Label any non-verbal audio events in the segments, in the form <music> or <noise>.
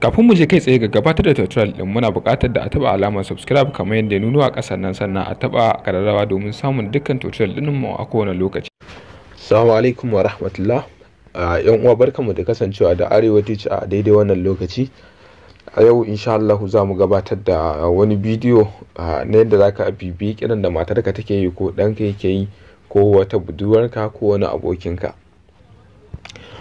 kafin mu je kai tsaye ga gabatar da tutorial din muna buƙatar da a taba alamar subscribe kamar yadda ya nuno a ƙasar nan sannan a taba kararrawa domin samun dukkan tutorial din mu a kowane lokaci assalamu alaikum wa rahmatullah yan uwa barkamu da kasancewa da arewa teach a daidai wannan lokaci a yau insha Allah za mu gabatar da wani bidiyo na yadda zaka bibi kiran da matarka take yi ko ɗanka yake yi ko wata budurwarka ko wani abokinka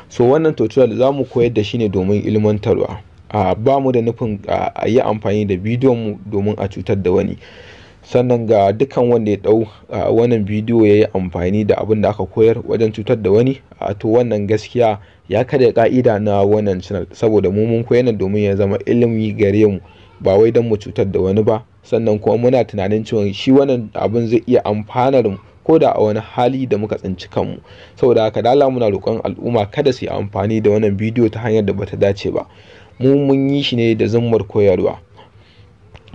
so wannan tutorial za mu koyar da shi ne domin ilmantarwa a ba mu da nufin a yi amfani da bidiyon mu domin a cutar da wani sannan ga dukkan wanda ya dau wannan bidiyo ya yi amfani da abin da aka koyar wajen cutar da wani a to wannan gaskiya ya karya ka'ida na wannan channel saboda mu mun koyar domin ya zama ilimi gare mu ba wai don mu cutar da wani ba sannan kuma muna tunanin cewa shi wannan abin zai iya amfanar mu ko da a wani hali da muka tsinci kanmu saboda haka dala muna roƙon al'umma kada su yi amfani da wannan bidiyo ta hanyar da bata dace ba mu mun yi shi ne da zammar koyarwa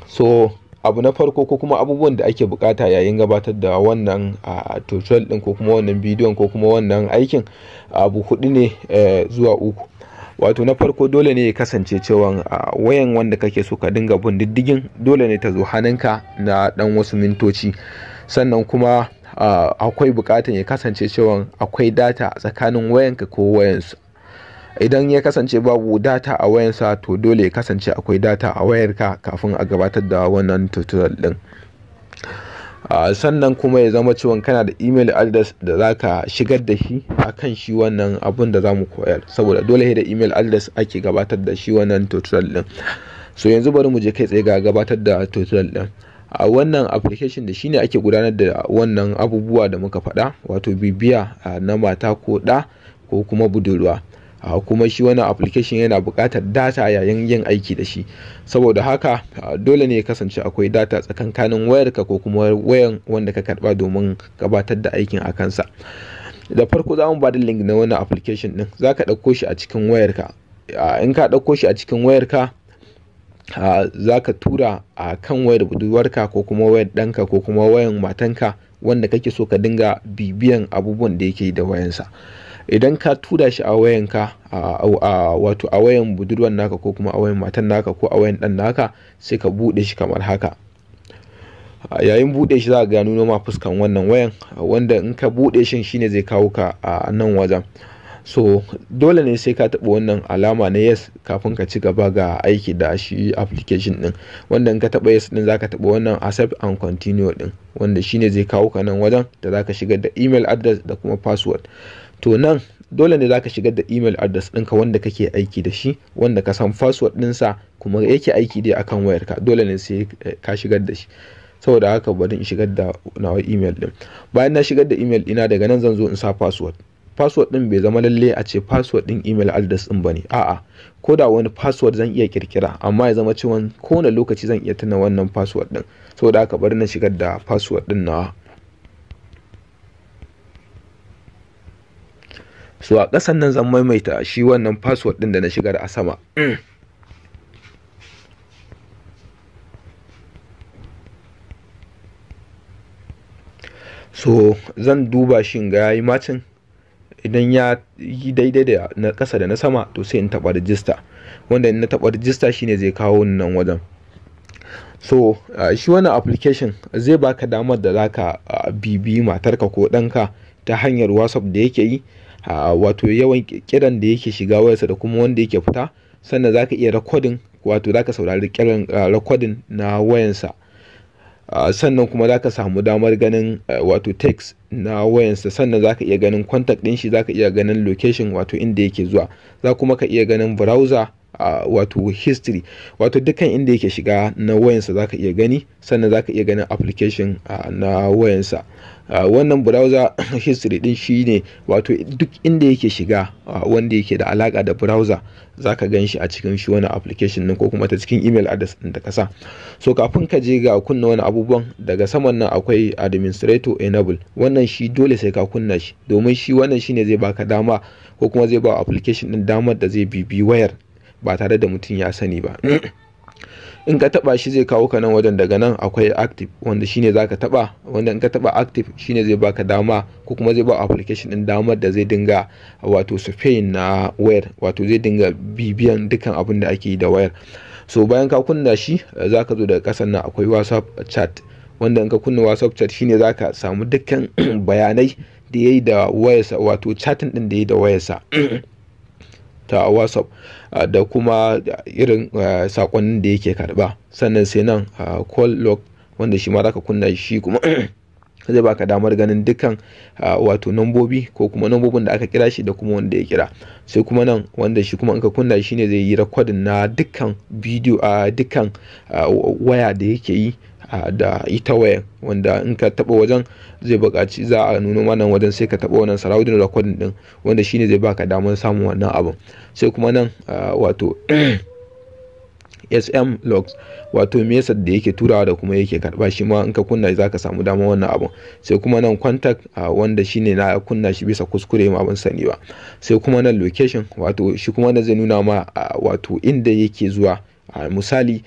so abu na farko ko kuma abubuwan da ake bukata yayin gabatar da wannan tutorial din ko kuma wannan bidiyon ko kuma wannan aikin abu hudu ne eh, zuwa uku wato na farko dole ne ya kasance cewa wayan wanda kake so ka dinga bin diddigin dole ne ta zo hannunka na dan wasu mintoci sannan kuma akwai bukatan ya kasance cewa akwai data tsakanin wayanka ko wayansu idan ya kasance babu data a wayansa to dole ya kasance akwai data a wayarka kafin a gabatar da wannan tutorial din sannan kuma ya zama ciwon kana da email address da zaka shigar da shi a kan shi wannan abun da zamu koyar saboda dole da email address ake gabatar da shi wannan tutorial din so yanzu bari mu je kai tsaye ga gabatar da tutorial din a wannan application da shine ake gudanar da wannan abubuwa da muka faɗa wato bibiya na mata ko ɗa ko kuma budurwa kuma shi wannan application yana buƙatar data yayin yin aiki da shi saboda haka dole ne ya kasance akwai data tsakankanin wayarka ko kuma wayan wanda ka karba domin gabatar da aikin a kansa da farko za mu ba da link na wannan application din za ka ɗauko shi a cikin wayarka in ka ɗauko shi a cikin wayarka za ka tura a kan wayar budurwarka ko kuma wayar ɗanka ko kuma wayan matanka wanda kake so ka dinga bibiyan abubuwan da yake da wayansa. idan ka tura shi a wayanka a wato a wayan budurwan naka ko kuma a wayan matan naka ko a wayan dan naka sai ka bude shi kamar haka yayin bude shi za ka gano noma fuskan wannan wayan wanda in ka bude shi shine zai kawo ka a nan wajen so dole ne sai ka taɓa wannan alama na yes kafin ka ci gaba ga aiki da shi application din wanda in ka taɓa yes din zaka taɓa wannan accept and continue din wanda shine zai kawo ka nan wajen da zaka shigar da email address da kuma password to nan dole ne zaka shigar da email address ɗinka wanda kake aiki da shi wanda ka san password ɗinsa kuma yake aiki dai akan wayarka dole ne sai eh, ka shigar da shi saboda haka bari in shigar da nawa email ɗin bayan na shigar da email ɗina daga nan zan zo in sa password password ɗin bai zama lalle a ce password ɗin email address ɗin bane a'a ko da wani password zan iya kirkira amma ya zama cewa kowane lokaci zan iya tuna wannan password din saboda haka bari na shigar da password ɗin nawa so a ƙasan nan zan maimaita shi wannan password ɗin da na shigar a sama mm. so zan duba shi ga yayi macin idan ya yi daidai da na ƙasa da na sama to sai in taɓa rijista wanda in na taɓa rijista shine zai kawo nan wajen so shi wannan application zai baka damar da zaka uh, bibi matarka ko ɗanka ta hanyar whatsapp da yake yi wato yawan kiran da yake shiga wayarsa da kuma wanda yake fita sannan za ka iya recording wato za ka saurari kiran recording na wayansa sannan kuma za ka samu damar ganin wato text na wayansa sannan za ka iya ganin contact din shi za ka iya ganin location wato inda yake zuwa za kuma ka iya ganin browser wato history wato dukkan inda yake shiga na wayansa zaka iya gani sannan ka iya ganin application na wayansa wannan browser <coughs> history din shi ne wato duk inda yake shiga wanda yake da alaka da browser zaka gan shi a cikin shi wani application din ko kuma ta cikin email address din da ka sa so kafin ka je ga kunna wani abubuwan daga saman nan akwai administrator enable wannan shi dole sai ka kunna shi domin shi wannan shi ne zai baka dama ko kuma zai ba application din damar da zai bibi wayar ba tare da mutum ya sani ba <clears throat> in ka taba shi zai kawo ka nan wajen daga nan akwai active wanda shine ka taba wanda in ka taba active shine zai baka dama ko kuma zai ba application din damar da zai dinga wato surveying na wayar wato zai dinga bibiyan dukkan abin da ake yi da wayar so bayan ka kunna shi za ka zo daga kasan nan akwai whatsapp chat wanda in ka kunna whatsapp chat shine ka samu dukkan <clears throat> bayanai da yayi da wayarsa wato chatting din da yayi da wayarsa <clears throat> ta whatsapp da kuma irin sakonnin da yake karba sannan sai nan call log wanda shi ma zaka kunna shi kuma <clears throat> zai baka damar ganin dukkan wato nambobi ko kuma nambobin da aka kira shi da kuma wanda ya kira sai kuma nan wanda shi kuma in ka kunna shi ne zai yi rekodin na dukkan bidiyo a dukkan waya da yake yi da ita wayan wanda in ka taba wajen zai buƙaci za a nuna wannan wajen sai ka taba wannan surrounding recording din wanda shine zai baka damar samun wannan abin sai kuma nan wato sm <clears throat> logs wato mesa da yake turawa da kuma yake karba shi ma in ka kunna za ka samu dama wannan abin sai kuma nan contact wanda shine na kunna shi bisa kuskure ma abin sani ba sai kuma nan location wato shi kuma nan zai nuna ma wato inda yake zuwa a misali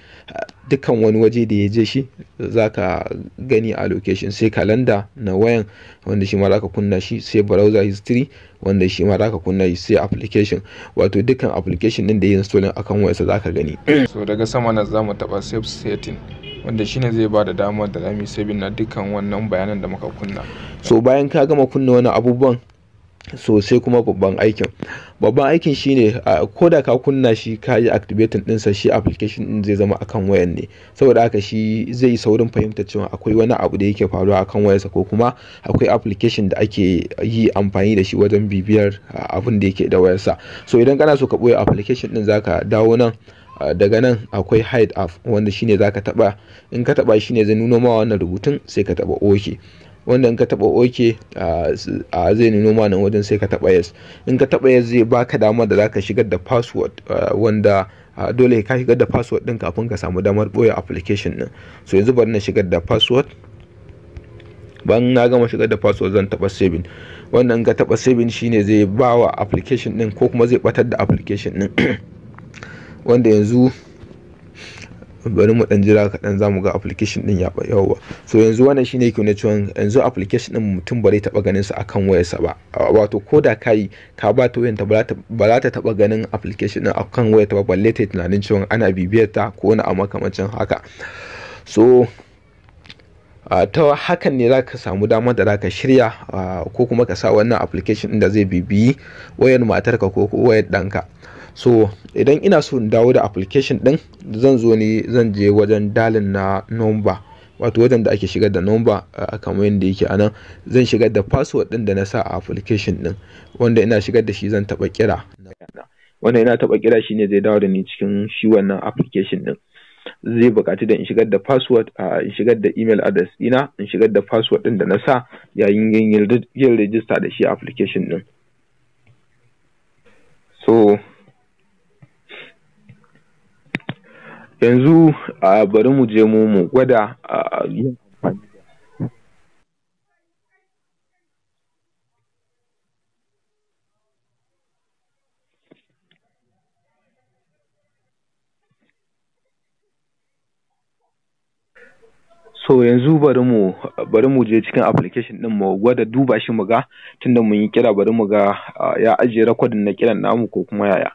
dukkan wani waje da ya je shi za ka gani a location sai kalanda na wayan wanda shi ma za ka kunna shi sai browser history wanda shi ma za ka kunna shi sai application wato dukkan application din da ya installin kan wayarsa za ka gani <clears throat> so daga sama na za mu taɓa save setting wanda shine zai ba da damar da za mu yi saving na dukkan wannan bayanan da muka kunna so bayan ka gama kunna wani abubuwan sosai kuma babban aikin babban aikin shine ko da ka kunna shi ka yi activating dinsa shi application din zai zama akan wayan ne saboda haka shi zai yi saurin fahimta cewa akwai wani abu da yake faruwa akan sa ko kuma akwai application da ake yi amfani da shi wajen bibiyar abin da yake da wayarsa so idan kana so ka boye application din zaka dawo nan daga nan akwai hide app wanda shine zaka taba in ka taba shine zai nuno ma wannan rubutun sai ka taba oke okay. wanda in ka taba oke a zai nuno noma nan wajen sai ka taba yes in ka taba yes zai baka dama da zaka shigar da password wanda dole ka shigar da password din kafin ka samu damar boye application din so yanzu bari na shigar da password ban na gama shigar da password zan taba saving wannan ka taba saving shine zai bawa application din ko kuma zai batar da application din <clears throat> wanda yanzu bari mu dan jira kaɗan zamu ga application din ya yawa so yanzu wannan shine yake nuna cewa yanzu application din mutum ba zai taɓa ganin sa akan wayarsa ba wato ko da kai ka ba ta ta ba za ta taɓa ganin application din akan wayar ba balle ta tunanin cewa ana bibiyar ta ko wani abu makamancin haka so ta hakan ne za ka samu damar da za ka shirya ko kuma ka sa wannan application da zai bibiyi wayar matarka ko wayar ɗanka. so idan ina so in dawo da application din zan zo ne zan je wajen dalin na number wato wajen da ake shigar da number a kamar yadda yake anan zan shigar da password din da na sa a application din wanda ina shigar da shi zan taba kira wanda ina taba kira ne zai dawo da ni cikin shi wannan application din zai buƙaci da in shigar da password a in shigar da email address ina in shigar da password din da na sa yayin yin yin register da shi application din so yanzu bari mu je mu mu gwada yin so yanzu bari mu bari mu je cikin application din mu gwada duba shi mu ga tunda mun yi kira bari mu ga ya ajiye rekodin na kiran namu ko kuma yaya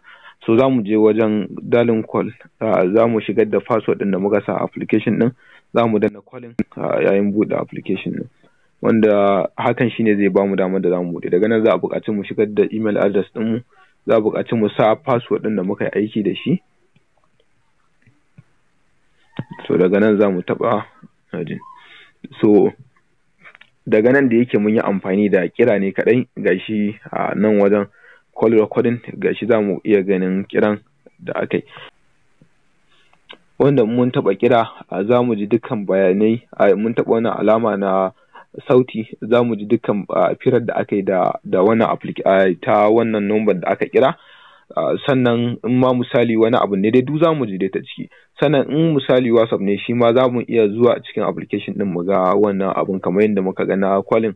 so za mu je wajen dalin call ah, za mu shigar da password din da muka sa application din za mu danna calling ah, yayin bude application din wanda hakan shine zai bamu damar da za mu buɗe daga nan za a buƙaci mu shigar da email address mu za a buƙaci mu sa password ɗin da muka yi aiki da shi so daga nan za mu taɓa so daga nan da yake mun yi amfani da kira ne kaɗai ga shi a ah, nan wajen call recording gashi za mu iya ganin kiran da aka yi wanda mun taɓa kira za mu ji dukkan bayanai mun taɓa wani alama na sauti za mu ji dukkan firar da aka yi da wannan ta wannan number da aka kira sannan in ma misali wani abu ne dai duk za mu ji dai ta ciki sannan in misali whatsapp ne shi ma za mu iya zuwa cikin application din mu ga wannan abun kamar yadda muka gana na calling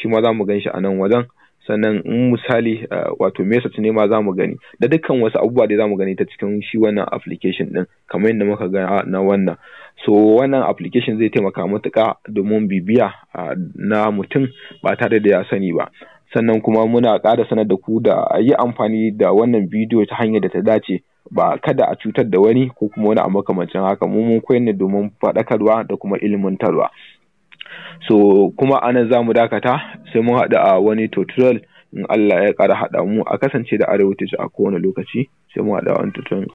shi ma za mu gan shi a nan wajen sannan in misali wato message ne ma za mu gani da dukkan wasu abubuwa da za mu gani ta cikin shi wannan application ɗin kamar yadda muka ga na wannan so wannan application zai taimaka matuka domin bibiya na mutum ba tare da ya sani ba sannan kuma muna ƙara sanar da ku da a yi amfani da wannan bidiyo ta hanyar da ta dace ba kada a cutar da wani ko kuma wani a makamancin haka mu mun koyar ne domin faɗakarwa da kuma ilmantarwa so kuma anan za mu dakata sai mun haɗu a wani tutorial in Allah ya ƙara haɗa mu a kasance da arewa a kowane lokaci sai mun haɗu a wani tutorial